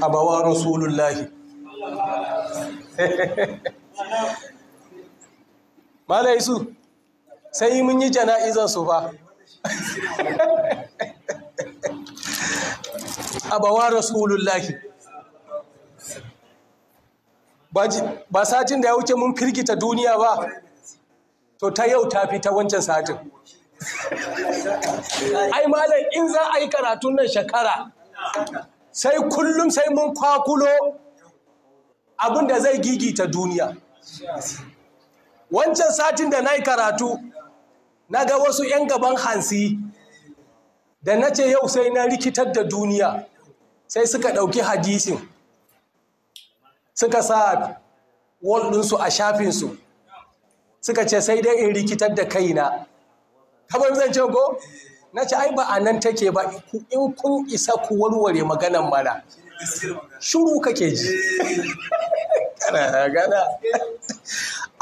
abawa rasulullahi mala su sai mun yi jana'izan su ba abawa rasulullahi ba satin da ya wuce mun firgita duniya ba to ta yau ta fi ta wancan satin ai malam in za a yi karatun nan shekara sai kullum sai mun kwakulo abin da zai gigita duniya wancan satin da na yi karatu na ga wasu 'yan gaban hansi da na ce yau sai na rikitar da duniya sai suka ɗauki hadisin suka sa ɗinsu a shafinsu suka ce sai dai in rikitar da kaina. Haɓar zan ce ko? na ce ai ba a nan take ba in kun isa ku warware maganan mana shuru kake ji gana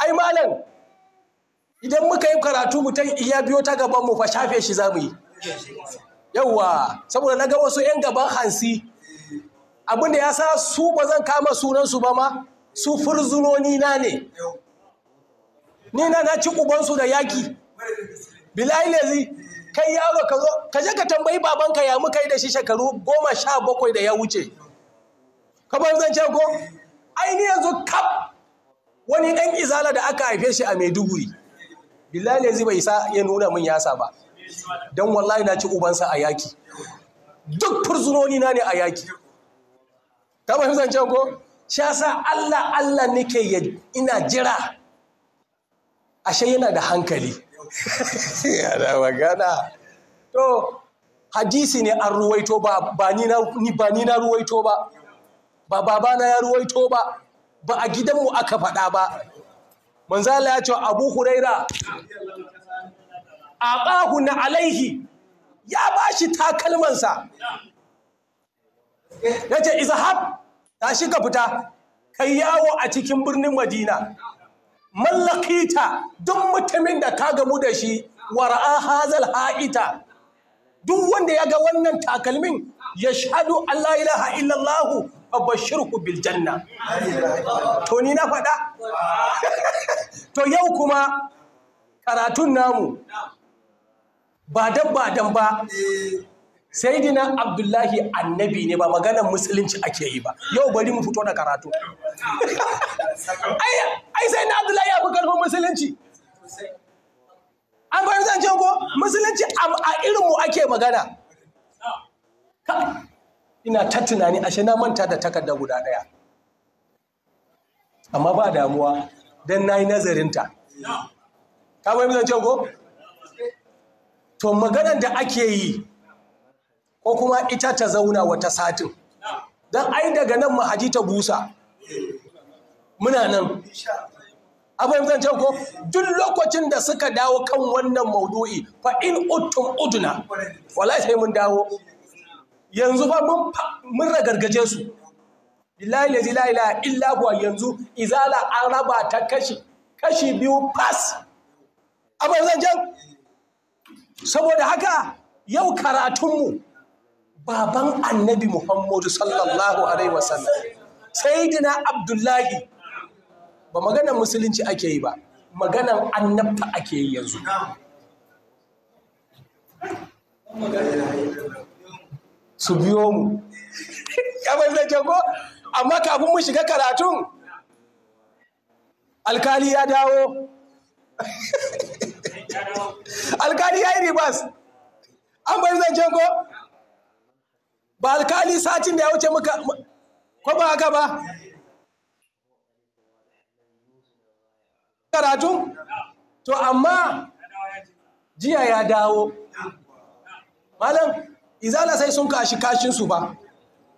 ai malam idan muka yi karatu ta iya biyo ta gaban mu fa shafe shi za mu yi yawwa saboda na ga wasu 'yan gaban hansi abin da ya sa su ba zan kama sunansu ba ma su furzunoni na ne ni na na ci ubansu da yaki bilai lezi kai yaro ka zo ka je ka tambayi babanka ya muka yi da shi shekaru goma sha bakwai da ya wuce Ka zan ce ko ai ni yanzu kap wani ɗan izala da aka haife shi a maiduguri billahi yanzu bai isa ya nuna min yasa ba don wallahi na ci ubansa a yaki duk fursunoni na ne a yaki Ka zan ce ko sa Allah Allah nake ina jira ashe yana da hankali yana magana to hadisi ne an ruwaito ba ba ni na ruwaito ba ba babana ya ruwaito ba ba a gidanmu aka faɗa ba manzala ya ce abu huraira a na alaihi ya ba shi takalmansa ya ce izahab ta shi ka fita kai yawo a cikin birnin madina mallakita duk mutumin da ka gamu da shi wara'a hazal ha'ita duk wanda ya ga wannan takalmin ya shaɗu Allah ilaha illallah bashirku bil janna to ni na faɗa to yau kuma karatun namu ba dan dan ba sai dina abdullahi annabi ne ba maganar musulunci ake yi ba yau bari mu fito da karatu ai sai na abdullahi ya fi karfin musulunci an fahimci zancen ko musulunci a irinmu ake magana ina ta tunani ashe na manta da takarda guda ɗaya amma ba damuwa don na yi nazarinta ka fahimci zancen ko to maganar da ake yi ko kuma ita ta zauna wata satin don ai daga nan mahaji ta busa muna nan abin zan ko duk lokacin da suka dawo kan wannan maudu'i fa in uttum uduna wallahi sai mun dawo yanzu ba mun mun ragargaje su billahi la ilaha illa allah yanzu izala araba ta kashi kashi biyu pass abin zan saboda haka yau karatunmu baban annabi muhammadu sallallahu alaihi wasallam sayyidina abdullahi ba maganar musulunci ake yi ba maganar annabta ake yi yanzu su biyo mu kamar zai ko amma kafin mu shiga karatun alkali ya dawo alkali ya yi ribas an bai zancen ko ba alkali satin da ya wuce muka ko ba haka ba karatu to amma jiya ya dawo malam izala sai sun kashi kashinsu ba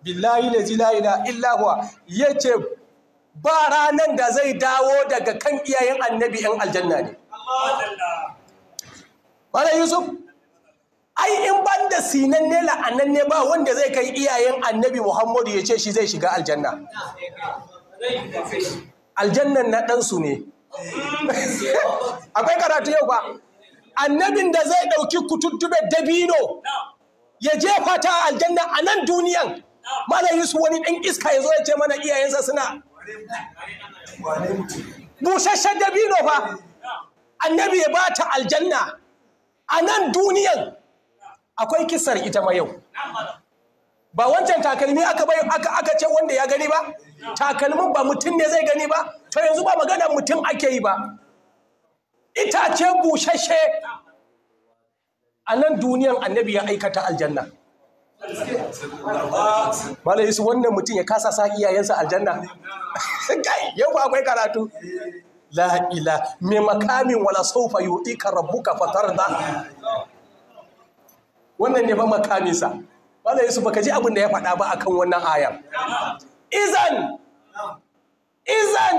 billahi la ilaha illa huwa yace ba ranan da zai dawo daga kan iyayen annabi yan aljanna ne malam yusuf ai in banda da sinan ne la'anan ne ba wanda zai kai iyayen annabi muhammadu ya ce shi zai shiga aljanna aljannan na ɗansu ne akwai karatu yau ba annabin da zai ɗauki kututtube dabino ya jefa ta aljanna a nan duniyan yi yusuf wani ɗan iska ya zo ya ce mana iyayensa suna busasshen dabino fa annabi ya ba ta aljanna a nan duniyan akwai kisar ita ma yau ba wancan takalmi aka bai aka ce wanda ya gani ba takalmin ba mutum ne zai gani ba to yanzu ba magana mutum ake yi ba itace bushashe a nan duniyan annabi ya aikata aljanna Mala Yusuf wannan mutum ya kasa sa iyayensa aljanna kai yau ba akwai karatu la ila me makamin wala saufa yu'tika rabbuka da? wannan ne ba makaminsa Malam Yusuf baka ji abin da ya faɗa ba akan wannan ayar. Izan izan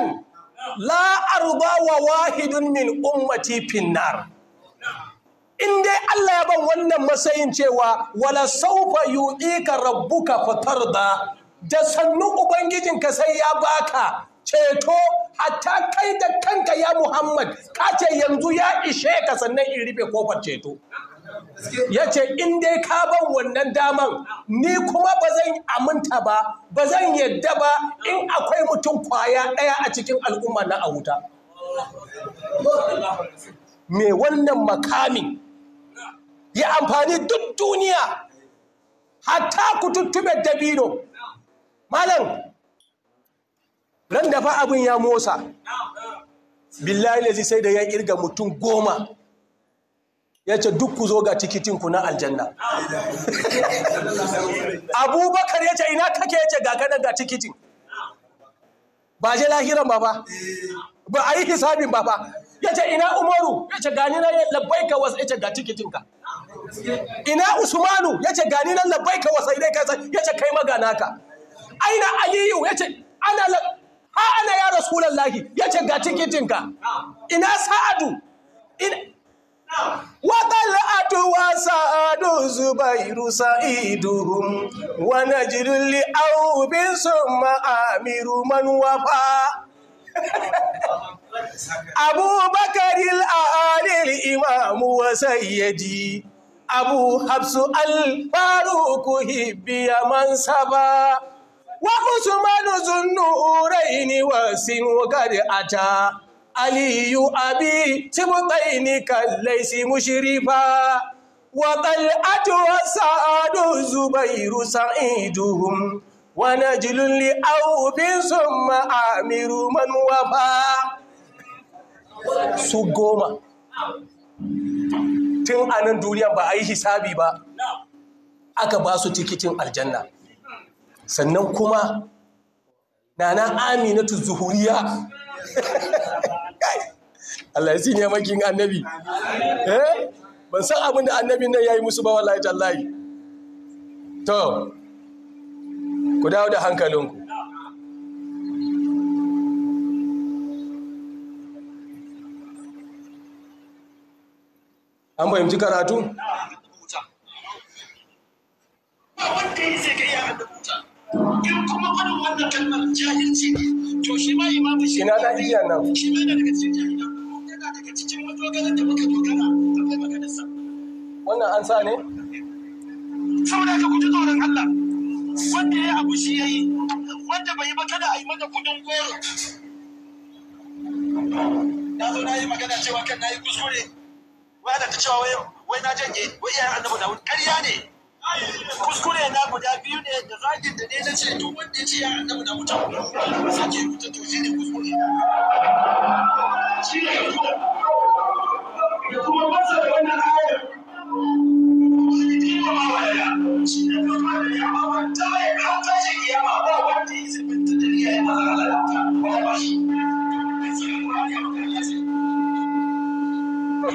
la'arba wa wahidun min ummati finnar. In dai Allah ya ban wannan matsayin cewa wala saufa rabu rabbuka fatarda da sannu ubangijinka sai ya baka ceto hatta kai da kanka ya Muhammad ka ce yanzu ya ishe ka sannan in rufe kofar ceto. ya ce in dai ka ban wannan daman ni kuma ba zan aminta ba ba zan yadda ba in akwai mutum kwaya ɗaya a cikin al'umma na a wuta me wannan makamin ya amfani duk duniya hatta ku tuttube dabino malam ran da fa abin ya motsa billahi ne sai da ya kirga mutum goma ya ce duk ku zo ga tikitin ku na aljanna abubakar ya ce ina kake ya ce ga kanan ga tikitin ba je lahiran ba ba ba a yi hisabin ba ba ya ce ina umaru ya ce gani na ka wasu ya ce ga tikitinka ina usmanu ya ce gani na ka wasu idai kai ya ce kai magana ka aina aliyu ya ce ana ha ana ya rasulallahi ya ce ga tikitinka ina sa'adu وطلعت وسعد زبير سعيدهم ونجد لأوب ثم آمر من وفى أبو بكر الآل الإمام وسيدي أبو حبس الفاروق هبي من سبا وعثمان ذو النورين وسن وقد أتى aliyu abi tí mú tàí kallai kàlẹ̀ sí mú ṣírí fa wàtàlẹ̀ Zubairu wọ́n sáàdọ̀ zuba ìrúsa ìdúhùn wọ́n na jùlọ su goma tun anan duniya ba a yi hisabi ba aka ba su tikitin aljanna sannan kuma Nana aminatu zuhuriya Allah ya sinye makin annabi eh ban san abin da annabi nan yayi musu ba wallahi tallahi to ku dawo da hankalinku an fahimci karatu? Ba wanda yake in kuma faɗin wannan kalmar jahilci ne to shi ma imamu shi ina da iya nan shi ma yana daga cikin jahilan yana daga cikin madogaran da muka dogara akwai maganarsa wannan an sa ne saboda ka guji tsoron Allah wanda ya abu shi ya yi wanda bai yi ba kada a yi mata kudin goro na zo na yi magana cewa kan na yi kuskure wai da ta cewa wai na janye wai iyayen annabi da ƙarya ne kuskure na guda biyu ne da zagin da ne na ce duk wanda ya ce ya mutum ba sa ke mutum to shi ne kuskure shi ne da kuma masa da wannan ayar shi ne kuma da ya wanda ya ba wanda ya zubinta da ya yi ba ba shi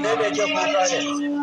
ne ne ke fata ne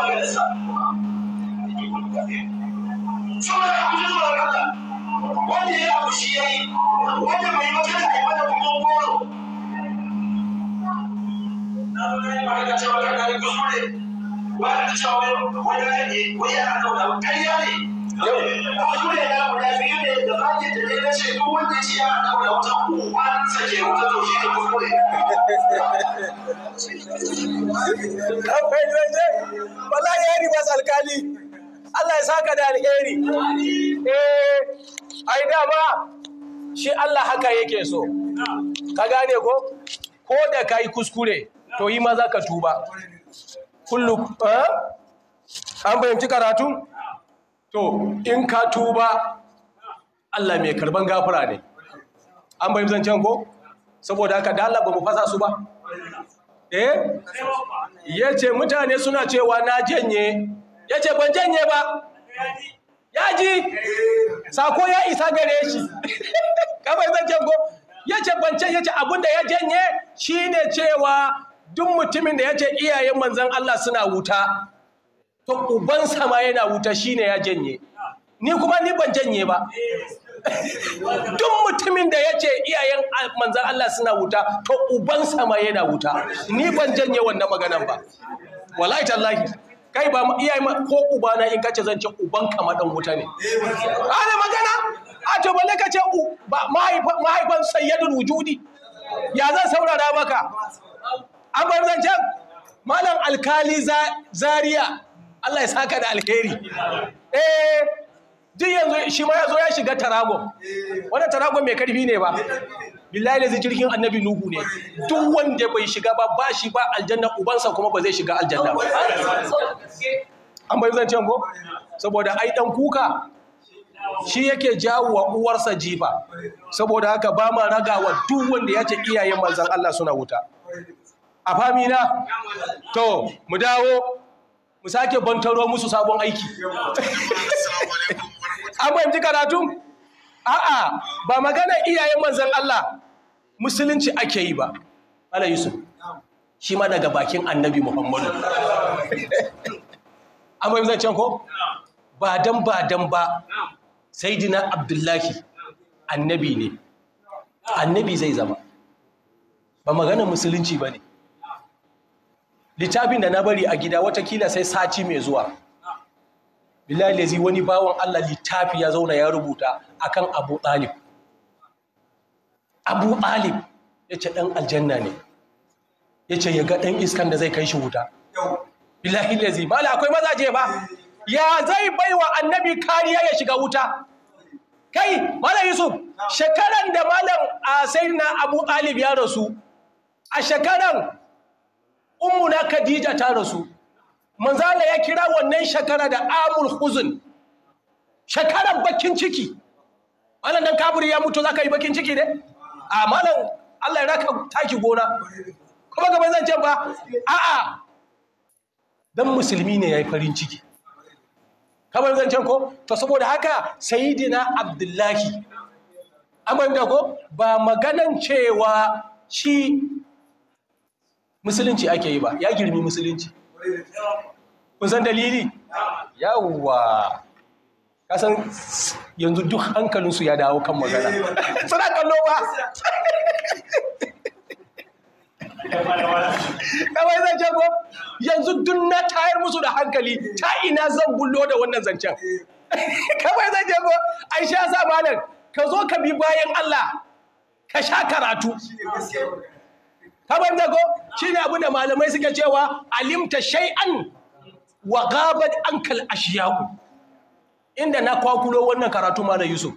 wanda ya abu shi ya yi wanda bai ba kada a mana kuma goro na zo na ba ka cewa ka kare kuskure wanda ta cewa wani rage wani yana zauna kariya ne kuskure na guda ne da zaki da ne na ce duk wanda ya ce yana zauna wata uwan sake wata to shi ne kuskure Wallahi ya riba alkali. Allah ya saka da alheri eh ai dama shi Allah haka yake so ka gane ko ko da kai kuskure to yi maza ka tuba kullu eh? an fahimci karatu to in ka tuba Allah mai karban gafara ne an bayyana zancen ko saboda haka da Allah ba mu fasa su ba eh yace mutane suna cewa na janye ya ce ban janye ba ya ji sako ya isa gare shi kamar zancen ko ya ce ban ya ce abinda ya janye shi ne cewa duk mutumin da ya ce iyayen manzan Allah suna wuta to uban sama yana wuta shi ne ya janye ni kuma ni ban janye ba duk mutumin da ya ce iyayen manzan Allah suna wuta to uban sama yana wuta ni ban janye wannan maganan ba wallahi tallahi kai ba mu iyaye ko uba na in kace zan ce uban ka madan wuta ne ana magana a to balle u ce mahaifan mahaifan sayyidul wujudi ya zan saurara maka an bar zancen malam alkali zaria Allah ya saka da alheri eh duk yanzu shi ma ya zo ya shiga taragon wannan taragon mai karfi ne ba billahi da jirgin annabi nuhu ne duk wanda bai shiga ba ba shi ba aljanna ubansa kuma ba zai shiga aljanna ba an bai zancen ko saboda ai dan kuka shi yake jawo wa uwarsa jifa saboda haka ba ma ragawa duk wanda ya ce iyayen manzan Allah suna wuta a famina to mu dawo mu sake bantaro musu sabon aiki an fahimci karatu a'a ba magana iyayen manzon Allah musulunci ake yi ba mala yusuf shi ma daga bakin annabi muhammadu an fahimci zancen ko ba dan ba dan ba saidina abdullahi annabi ne annabi zai zama ba magana musulunci ba ne littafin da na bari a gida watakila sai sati mai zuwa billahi lazi wani bawan Allah littafi ya zauna ya rubuta akan Abu Talib Abu Talib yace dan aljanna ne yace ya ga dan iskan da zai kai shi wuta billahi lazi mala akwai mazaje ba ya zai baiwa annabi kariya ya shiga wuta kai malam Yusuf shekaran da malam a sayyidina Abu Talib ya rasu a shekaran ummuna Khadija ta rasu manzala ya kira wannan shekara da amul huzun shekarar bakin ciki malam dan kaburi ya mutu zaka yi bakin ciki ne a malam Allah ya raka taki gona kuma gaban zan ce ba a'a dan musulmi ne yayi farin ciki kamar zan ce ko to saboda haka sayyidina abdullahi amma da ko ba maganan cewa shi musulunci ake yi ba ya girmi musulunci kun san dalili yawwa kasan yanzu duk hankalinsu ya dawo kan magana suna kallo ba kawai zance ko yanzu duk na tayar musu da hankali ta ina zan bullo da wannan zancen kawai zance ko aisha sa ka zo ka bi bayan Allah ka sha karatu ka dago ko shine abin da malamai suke cewa alimta shay'an wa gabat ankal ashiyaku inda na kwakulo wannan karatu malam Yusuf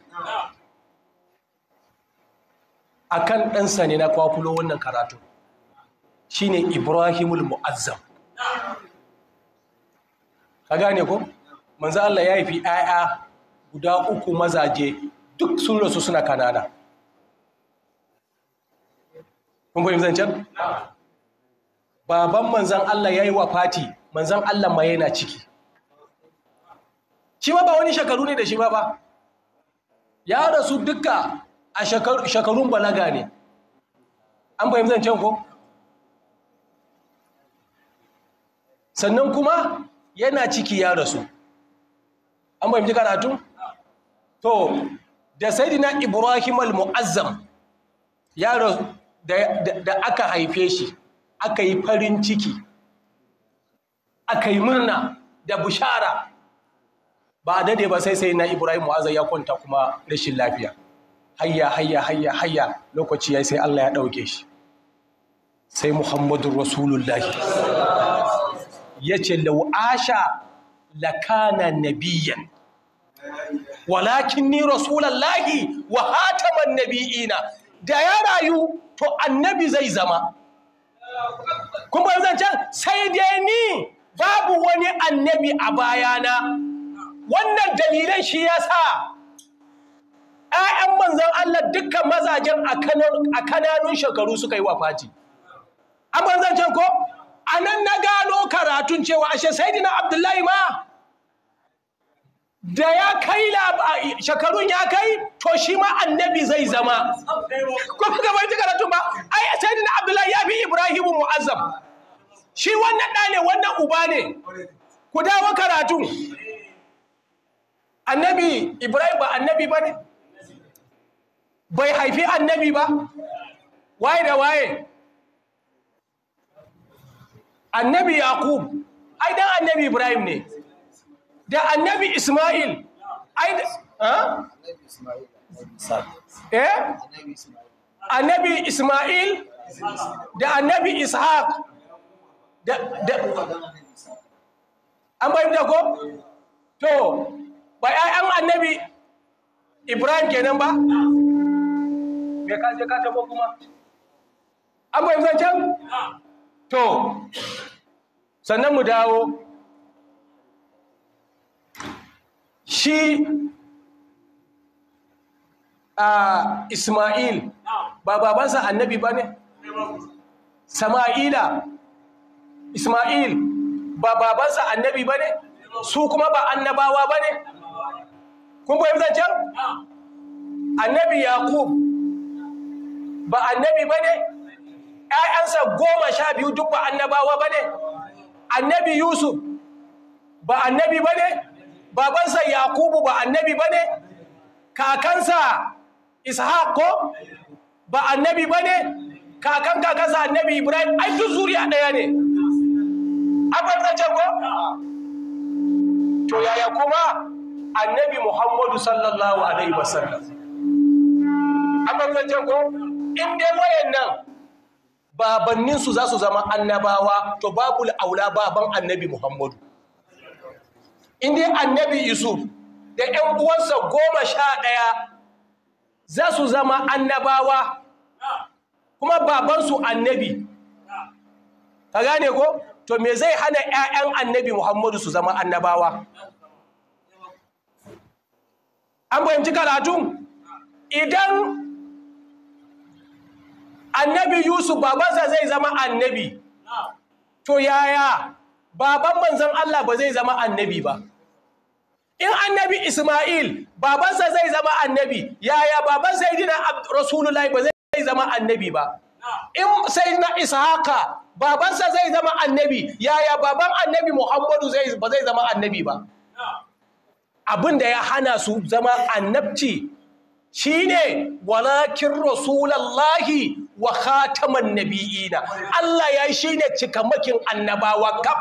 akan ɗansa ne na kwakulo wannan karatu shine Ibrahimul Mu'azzam ka gane ko manzo Allah ya yi fi 'ya'ya guda uku mazaje duk sun rasu suna kanana kun fahimci zancen baban manzan Allah ya yi wa fati manzan Allah ma yana ciki shi ma ba wani shekaru ne da shi ma ba ya rasu duka a shekarun balaga ne an fahimci zancen ko sannan kuma yana ciki ya rasu an fahimci karatu to da saidina ibrahim al-mu'azzam ya rasu da aka haife shi aka yi farin ciki aka yi murna da bushara ba a dade ba sai sai na ibrahim mu'azza ya kwanta kuma rashin lafiya hayya hayya hayya hayya lokaci ya sai allah ya ɗauke shi sai muhammadun rasulullahi ya ce lau'asha lakana nabiyan walakin ni rasulallahi wa hataman nabi'ina da ya rayu to annabi zai zama kuma zancen sai dai ni babu wani annabi a bayana wannan dalilan shi ya sa ‘ya'yan manzan Allah dukkan mazajen a kananun shekaru suka yi wa fati a manzancen ko a nan na gano karatun cewa ashe sai dina abdullahi ma da ya kai shekarun ya kai to shi ma annabi zai zama ko kuka bai ta karatu ba ai sayyidina abdullahi ya fi ibrahimu mu'azzam shi wannan ɗa ne wannan uba ne ku dawo karatu annabi ibrahim ba annabi ba ne bai haifi annabi ba waye da waye annabi yaqub ai dan annabi ibrahim ne da annabi Ismail eh? annabi Ismail da annabi Ishaq da da an bayyana ko to bai ai an annabi Ibrahim kenan ba me ka je ka tabo kuma an bayyana can to sannan mu dawo shi a Ismail ba babansa annabi ba ne? Sama'ila Ismail ba babansa annabi ba ne? Su kuma ba annabawa ba ne? Kun bayan zancen? Annabi Yaqub ba annabi ba ne? ƴaƴansa goma sha biyu duk ba annabawa ba ne? Annabi Yusuf ba annabi ba ne? babansa yakubu ba annabi ba ne kakansa ishaq ko ba annabi ba ne kakan kakansa annabi ibrahim ai duk zuriya ɗaya ne abin zancen ko to yaya kuma annabi muhammadu sallallahu alaihi wasallam abin zancen ko in dai wayannan babanninsu za su zama annabawa to babu aula baban annabi muhammadu in dai annabi yusuf da ‘yan uwansa goma sha ɗaya za su zama annabawa kuma babansu annabi ka gane ko to me zai hana ‘ya'yan annabi muhammadu su zama annabawa an fahimci karatun idan annabi yusuf babansa zai zama annabi to yaya baban manzan allah ba zai zama annabi ba in annabi Ismail babansa zai zama annabi yaya baban sayyidina Rasulullahi ba zai zama annabi ba in sayyidina Ishaqa babansa zai zama annabi yaya baban annabi Muhammadu zai ba zai zama annabi ba abin da ya hana su zama annabci shine walakin rasulullahi wa khataman nabiyina Allah ya shine cikamakin annabawa kaf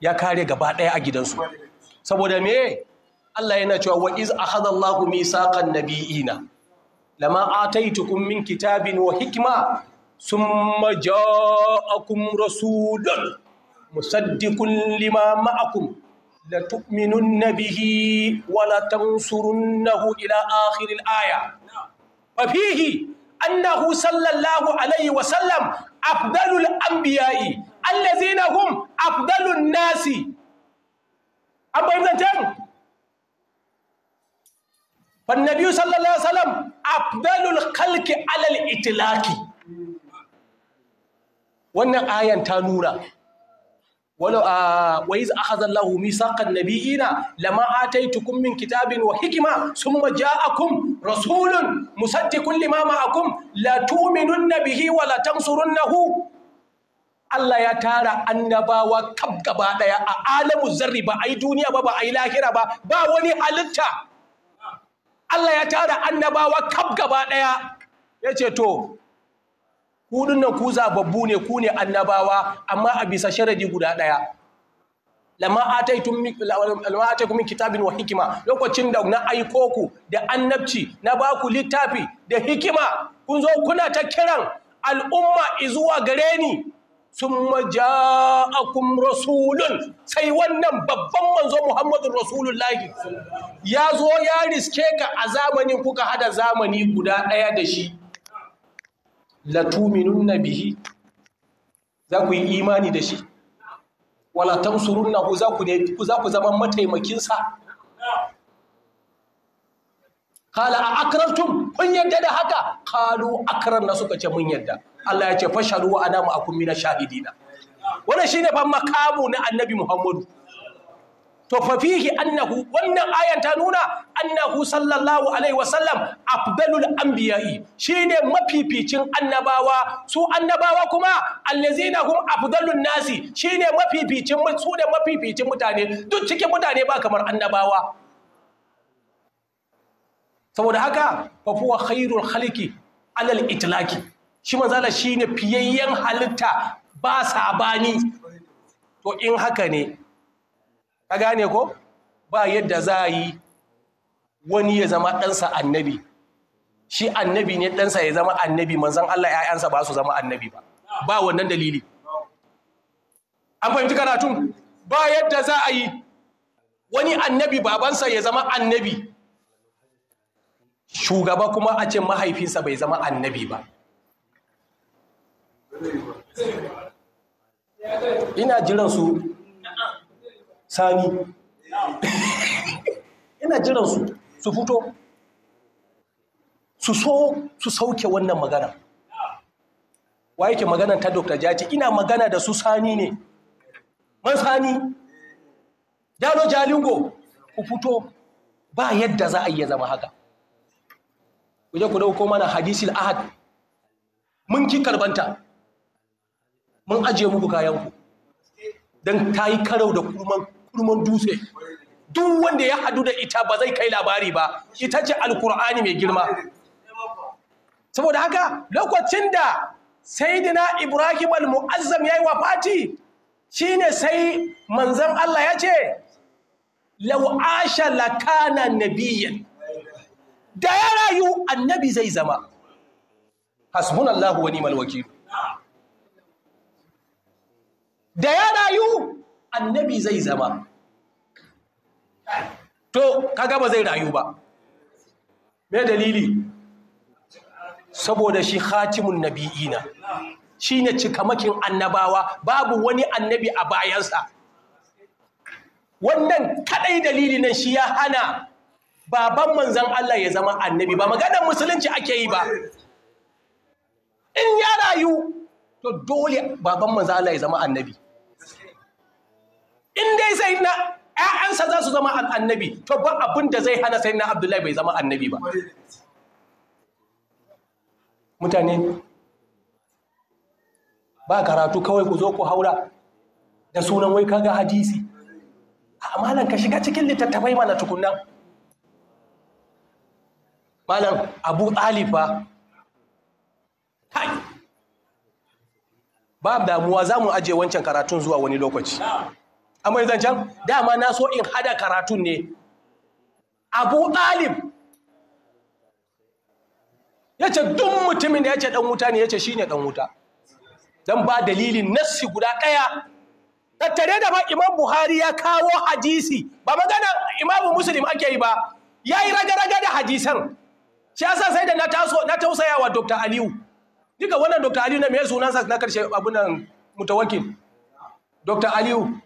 ya kare gaba ɗaya a gidansu saboda me Allah yana cewa wa iz akhadha Allahu misaqan nabiyina lama ataitukum min kitabin wa hikma summa ja'akum rasulun musaddiqun lima ma'akum la tu'minunna bihi wa la tansurunnahu ila akhir aya fa fihi annahu sallallahu alayhi wa sallam afdalul anbiya'i allazina hum afdalun nasi an bayin zancen fannabiyu sallallahu alaihi wasallam afdalul khalqi alal itilaki wannan ayan ta nura ولو آه وإذ أخذ الله tukumin kitabin wa hikima من كتاب وحكمة ثم جاءكم rasulun kulli lima ma'akum la tuminun bihi wa la tansurunnahu Allah ya tara annabawa kab gaba daya a alamu zarri ba ai duniya ba ba ai lahira ba ba wani halitta Allah ya tara annabawa kab gaba daya yace to ku dinnan ku zababbu ne ku ne annabawa amma a bisa sharadi guda daya Lama ataitum min kitabin wa hikima lokacin da na aiko ku da annabci na ba ku littafi da hikima kun zo kuna ta kiran al'umma izuwa gare ni sun summa ja'akum rasulun sai wannan babban manzo Muhammadu Rasulullahi ya zo ya riske ka a zamanin kuka hada zamani guda ɗaya da shi latuminun bihi za ku yi imani da shi wala tansurunnahu za ku za ku zama mataimakinsa kala a a tun kun yadda da haka akarar na suka ce mun yadda Allah ya ce fashalu wa adamu akum mina shahidina wannan shine fa makamu na annabi Muhammadu to fa fihi annahu wannan ayan ta nuna annahu sallallahu alaihi wasallam afdalul anbiya'i shine mafificin annabawa su annabawa kuma allazina hum afdalun nasi shine mafificin su da mafificin mutane duk cikin mutane ba kamar annabawa saboda haka fa huwa khairul khaliqi alal itlaqi shi manzala shine fiyayyen halitta ba sabani to in haka ne ka gane ko ba yadda za a yi wani ya zama ɗansa annabi shi annabi ne ɗansa ya zama annabi manzan Allah ‘ya'yansa ba su zama annabi ba ba wannan dalili an fahimci karatun ba yadda za a yi wani annabi babansa ya zama annabi shugaba kuma a ce mahaifinsa bai zama annabi ba ina jiransu. sani ina jiran su su fito su so su sauke wannan magana wa yake maganan ta dr jaji ina magana da su sani ne man sani jalo jalingo ku fito ba yadda za a iya zama haka ku je ku dauko mana hadisi ahad mun ki karbanta mun ajiye muku kayanku Dan ta yi karau da kurman kurman dutse duk wanda ya hadu da ita ba zai kai labari ba ita ce alkur'ani mai girma saboda haka lokacin da saidina ibrahim al-mu'azzam yayi Fati shine sai manzon Allah ya ce law asha lakana nabiyyan da ya rayu annabi zai zama hasbunallahu wa ni'mal wakil da ya rayu annabi zai zama to kaga ba zai rayu ba me dalili saboda shi khatimun nabi'ina shi ne cikamakin annabawa babu wani annabi a bayansa wannan kadai dalili nan shi ya hana baban manzan Allah ya zama annabi ba maganar musulunci ake yi ba in ya rayu to dole baban manzan Allah ya zama annabi in dai sai na ‘ya'yansa za su zama annabi to ba abin da zai hana sai na abdullahi bai zama annabi ba mutane ba karatu kawai ku zo ku haura da sunan wai kaga hadisi malam ka shiga cikin littattafai mana tukunna malam abu ɗalifa ba damuwa za mu ajiye wancan karatun zuwa wani lokaci amma zancen dama na so in hada karatun ne abu ɗalib ya ce duk mutumin da ya ce ɗan wuta ne ya ce shi ne ɗan wuta don ba dalilin nassi guda ɗaya tattare da ba imam buhari ya kawo hadisi ba magana imam muslim ake yi ba ya yi raga-raga da hadisan shi yasa sai da na tausaya wa dr aliyu duka wannan dr aliyu na mai sunansa na karshe abunan mutawakil dr aliyu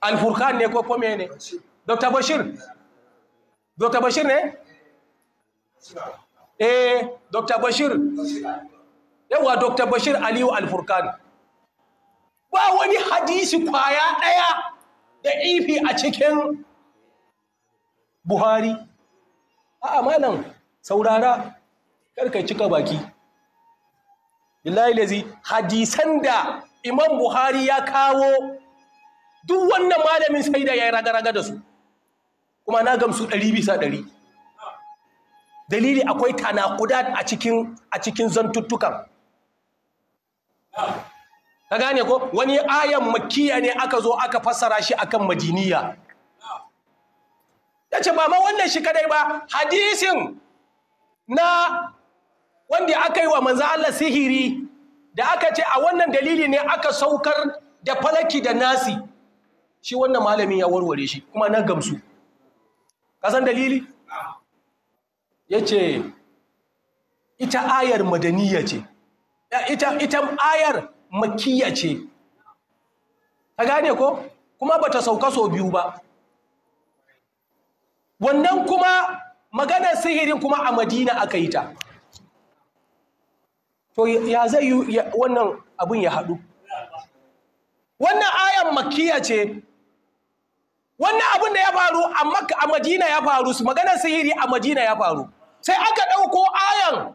alfurkan ne ko kome ne dr bashir dr bashir ne eh dr bashir yawa dr bashir aliyu alfurkan ba wani hadisi kwaya daya da ifi a cikin buhari a malam saurara karka cika baki billahi lazi hadisan da imam buhari ya kawo duk wannan malamin sai da ya yi raga-raga da su kuma na gamsu ɗari bisa ɗari dalili akwai tanakuda a cikin a cikin zantuttukan ka gane ko wani ayan makiya ne aka zo aka fassara shi akan madiniya yace ba ma wannan shi kadai ba hadisin na wanda aka yi wa manzo Allah sihiri da aka ce a wannan dalili ne aka saukar da falaki da nasi shi wannan malamin ya warware shi kuma na gamsu kasan dalili ya ce ita ayar madaniya ce ita, ayar makiya ce ta gane ko kuma ba ta sauka sau biyu ba wannan kuma maganar sihirin kuma a madina aka yi ta to ya zai yi wannan abin ya haɗu wannan ayan makiya ce wannan abin da ya faru a madina ya faru su maganar sihiri a madina ya faru sai aka ɗauko ayan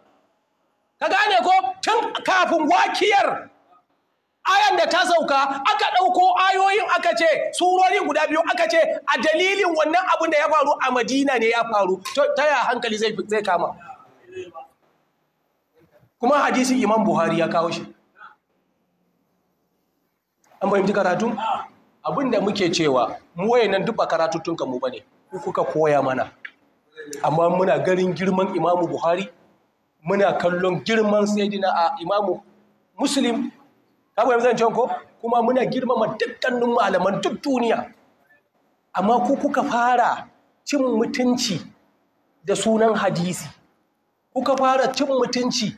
ka gane ko tun kafin wakiyar ayan da ta sauka aka ɗauko ayoyin aka ce surori guda biyu aka ce a dalilin wannan abin da ya faru a madina ne ya faru ta ya hankali zai kama kuma hadisi imam buhari ya kawo shi an fahimci karatu abin da muke cewa mu wayannan duk ba karatuttunka mu bane ku kuka koya mana amma muna garin girman imamu buhari muna kallon girman saidina a imamu muslim kabu yanzu zan ko kuma muna girmama dukkanin malaman duk duniya amma ku kuka fara cin mutunci da sunan hadisi kuka fara cin mutunci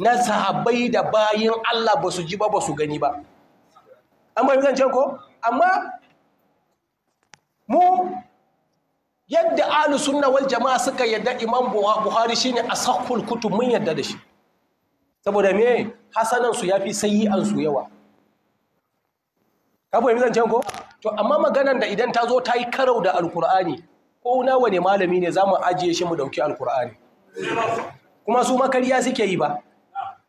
na sahabbai da bayin Allah ba su ji ba ba su gani ba an bayan zan ko amma mu yadda alu sunna wal jama'a suka yadda imam buhari shine a kutub mun yadda da shi saboda me hasanan su yafi an su yawa ka fahimci zancen ko to amma maganan da idan ta zo ta yi karau da alkur'ani ko na wane malami ne za mu ajiye shi mu dauki alkur'ani kuma su makariya suke yi ba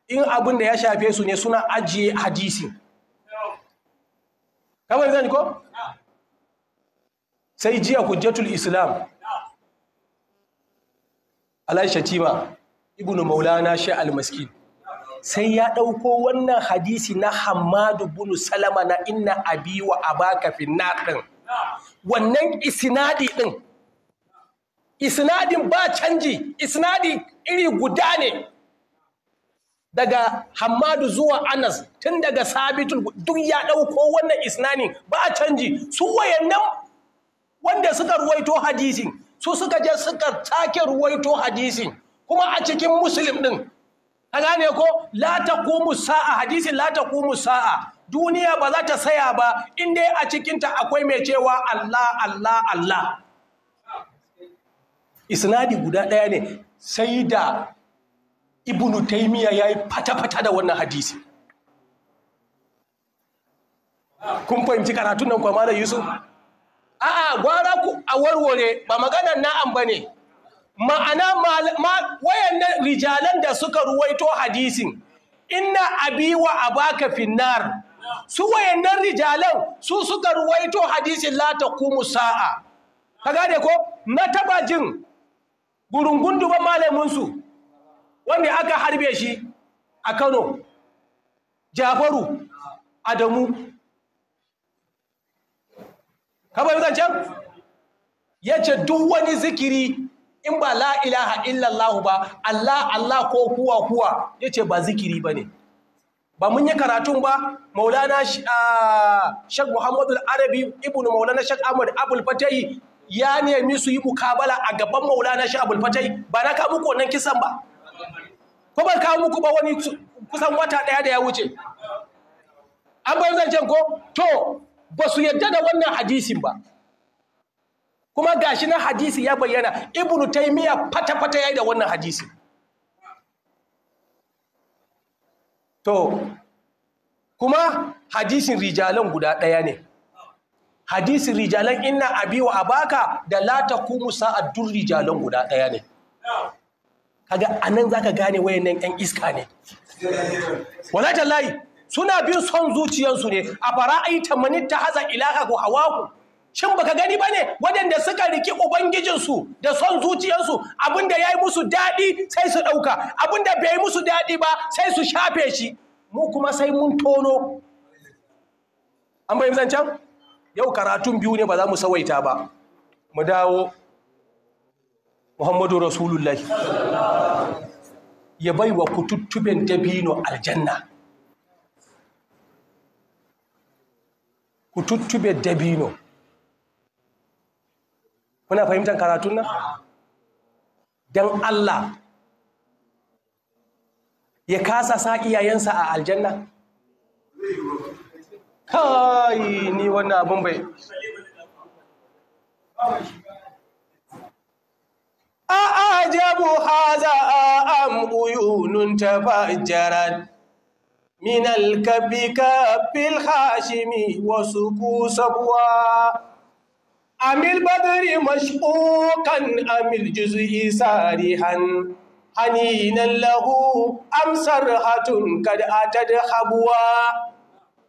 in abin da ya shafe su ne suna ajiye hadisi kamar zan ko sai jiya hujjatul islam alaisha cima Ibn maulana shi almaskin sai ya ɗauko wannan hadisi na hamadu bunu salama na inna abi wa abaka fi ɗin wannan isnadi ɗin isnadin ba canji isnadi iri guda ne daga Hamadu zuwa Anas tun daga Sabitu duk ya ɗauko wannan isnani ba a canji su wayannan wanda suka ruwaito hadisi su suka je suka take ruwaito hadisi kuma a cikin muslim din ka gane ko la taqumu sa'a hadisi la taqumu sa'a duniya ba za ta saya ba in dai a cikinta akwai mai cewa Allah Allah Allah isnadi guda ɗaya ne sai da ibnu taimiya ya yi fata-fata da wannan hadisi kun fahimci karatun nan kwa da yusuf a'a gwara ku a warware ba maganar na'am ba ne ma'ana wayannan rijalan da suka ruwaito hadisin inna abi wa abaka finnar su wayannan rijalan su suka ruwaito hadisin la taqumu sa'a ka gane ko na taba jin gurungundu ba malamin su wanda aka harbe shi a Kano Jafaru Adamu kaba yi zancen ya ce duk wani zikiri in ba la ilaha illallah ba Allah Allah ko kuwa kuwa ya ce ba zikiri ba ne ba mun yi karatun ba maulana ah, shek muhammadu arabi ibn maulana shek amur abul fatai ya nemi su yi mukabala a gaban maulana shek abul fatai ba na kamuku wannan kisan ba ko ba kawo muku ba wani kusan wata ɗaya da ya wuce an bayan zancen ko to ba su yadda da wannan hadisin ba kuma gashi na hadisi ya bayyana ibnu taymiya fata-fata yayi da wannan hadisi to kuma hadisin rijalan guda ɗaya ne hadisin rijalan inna abi wa abaka da la taqumu sa'ad dur rijalan guda ɗaya ne kaga anan zaka gane wayannan yan iska ne wallahi tallahi suna bin son zuciyarsu ne a fara'aita manitta haza ilaha ko hawaku shin baka gani bane waɗanda suka riki ubangijin su da son zuciyarsu abinda yayi musu daɗi sai su ɗauka abinda bai musu daɗi ba sai su shafe shi mu kuma sai mun tono an bayyana can? yau karatun biyu ne ba za mu sawaita ba mu dawo Muhammadu Rasulullahi ya bai wa kututtuben dabino aljanna Kututtuben dabino kuna fahimtar karatun nan don Allah ya kasa sa iyayensa a aljanna kai ni wannan abin bai عيون تفجرت من الكب كب الخاشم وسكو سبوا أم البدر مشقوقا أم الجزء سارحا حنينا له أم سرحة قد أتت حبوا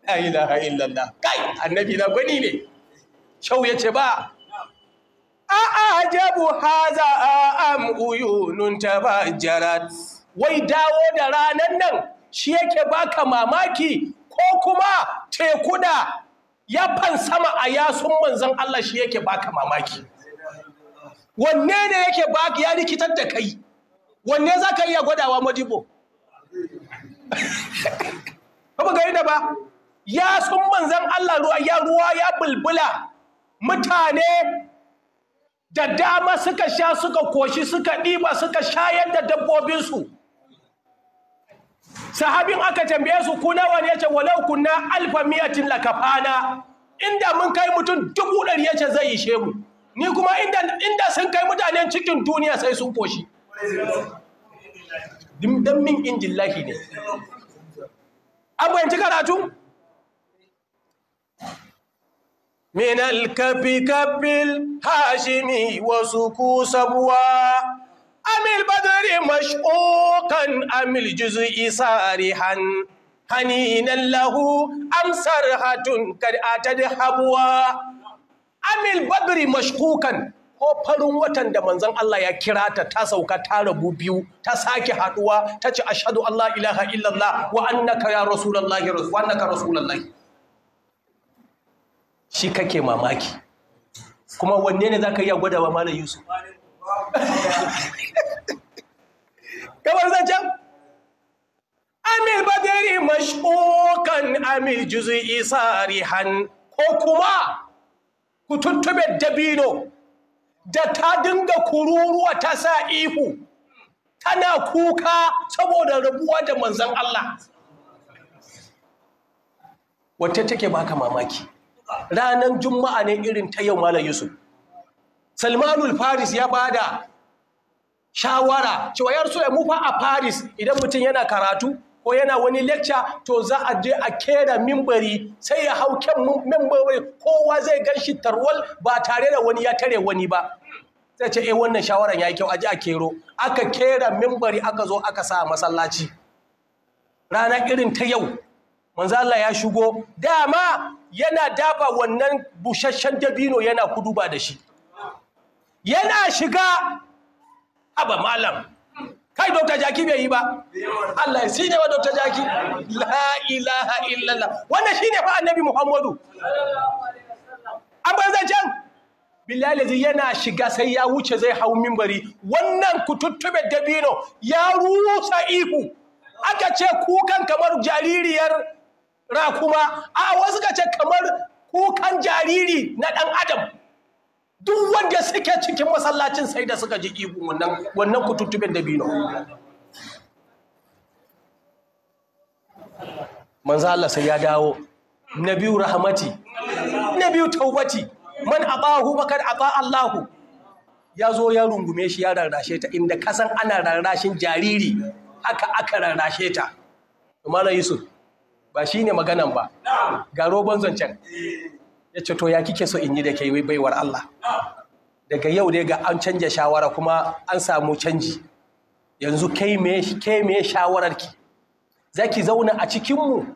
لا إله إلا الله كاي النبي لا بني لي شو يتبع أعجب هذا أم عيون تفجرت wai dawo da ranan nan shi yake baka mamaki ko kuma tekuna ya sama a yasun manzan Allah shi yake baka mamaki wanne ne yake baka ya rikitar da kai wanne za ka iya gwadawa majibo kuma gari da ba yasun manzan Allah ruwa ya ruwa ya bulbula mutane da dama suka sha suka koshi suka ɗiba suka shayar da dabbobinsu sahabin aka tambaye su ku nawa ne yace walau kunna alfa miyatin lakafana inda mun kai mutum dubu ɗari yace zai ishe mu ni kuma inda inda sun kai mutanen cikin duniya sai sun koshi dan min injin lahi ne an bayanci karatu min alkafi kafin hashimi wasu ku sabuwa amil badari mash'ukan amil isa sarihan haninan lahu amsar hatun kad habuwa amil badri mashkukan ko farin watan da manzon Allah ya kira ta ta sauka ta rabu biyu ta sake haduwa ta ce ashhadu Allah ilaha illallah wa annaka ya rasulullahi wa annaka rasulullahi shi kake mamaki kuma wanne ne zaka iya gwadawa malam Yusuf kamar zancen amil badari mashokan amil isa rihan ko kuma ku tuntube dabino da ta dinga kururuwa ta sa ihu tana kuka saboda rabuwa da manzan Allah wata take baka mamaki ranar juma'a ne irin ta yau malam yusuf salmanul faris ya bada shawara cewa ya rasu a paris idan mutum yana karatu ko yana wani lecture to za a je a kera mimbari sai ya hau kyan mimbari kowa zai gan shi tarwal ba tare da wani ya tare wani ba zai ce eh wannan shawaran ya yi kyau a ji a kero aka kera mimbari aka zo aka sa masallaci rana irin ta yau manzo ya shigo dama yana dafa wannan busasshen dabino yana kuduba da shi yana shiga aba malam kai dokta jaki bai yi ba Allah shi ne wa dokta jaki la illallah Wanda shi ne fa annabi muhammadu an bar bilalazi yana shiga sai ya wuce zai hau mimbari wannan kututtube dabino ya rusa ihu aka ce kukan kamar jaririyar rakuma a wasu ka ce kamar kukan jariri na ɗan adam duk wanda suke cikin masallacin sai da suka ji ihu wannan wannan kututtuben da bino manzo Allah sai ya dawo nabiyu rahmati nabiyu taubati man abahu bakar aba Allahu ya zo ya rungume shi ya rarrashe ta inda kasan ana rarrashin jariri haka aka rarrashe ta malam yusuf ba shine maganan ba ga roban zancen ya ce to ya kike so in yi da ke yi baiwar Allah daga yau dai ga an canja shawara kuma an samu canji yanzu kai me shawarar ki za zaki zauna a cikinmu mu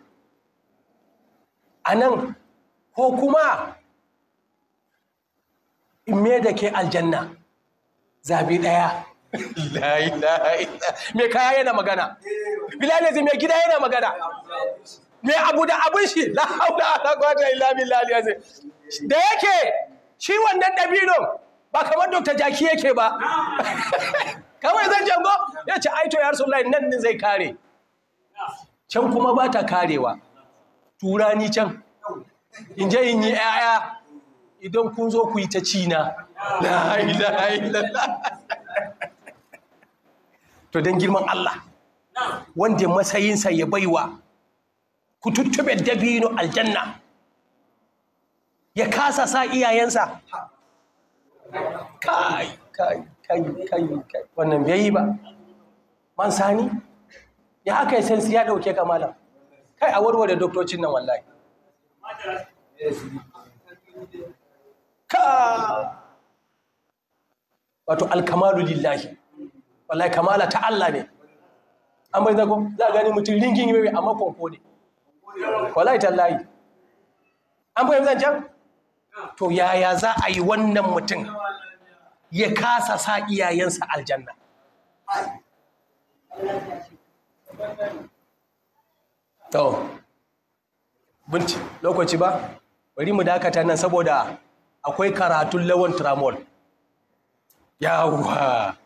anan ko kuma in me da ke aljanna zabi daya me kaya yana magana bilal mai gida yana magana mai abu da abin shi la a la quwwata illa billah da yake shi wannan dabino ba kamar Dr. Jaki yake ba Kamar zan jango ya ce aito ya rasu nan ne zai kare can kuma ba ta karewa turani can in je in yi 'ya'ya idan kun zo ku yi ta cina la ilaha illallah to don girman Allah wanda sa ya baiwa Ku kututtuɓe dabino aljanna ya kasa sa iyayensa kai kai kai kai kai wannan bai yi ba man sani ya haka san ya dauke ka malam kai a warware doktocin nan wallahi ka wato alkamalu lillahi wallahi kamala ta Allah ne an bai zago za a gani mutum ringin yi amma kwanko ne wallahi tallahi an fahimci zancen to yaya za a yi wannan mutum ya kasa sa iyayensa aljanna to binci lokaci ba bari mu dakata nan saboda akwai karatun lawan tramol yawwa